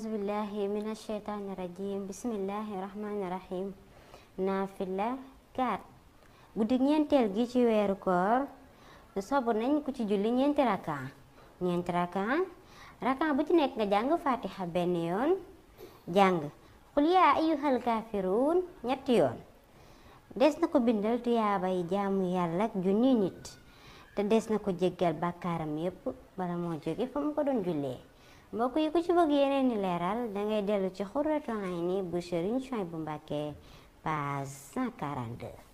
أعوذ بالله من الشيطان الرجيم بسم الله الرحمن الرحيم naafila 4 guddi ñeenteel gi ci weeru koor sobu nañ ku ci julli ñeenti raka ñeenti raka raka bu ci nekk nga jàng fatiha benn yoon jàng xul yaa ayyuhal kaafiruun ñetti yoon des na ko bindal tuyaabay jaamu yàlla ak junni nit te des na ko jéggal bàkkaaram yépp bala moo jóge fa mu ko doon jullee mbokk yi ku ci bëgg yeneen ni leeral dangay dellu ci xurratu ayni bu Serigne Souhaïbou Mbacké page 142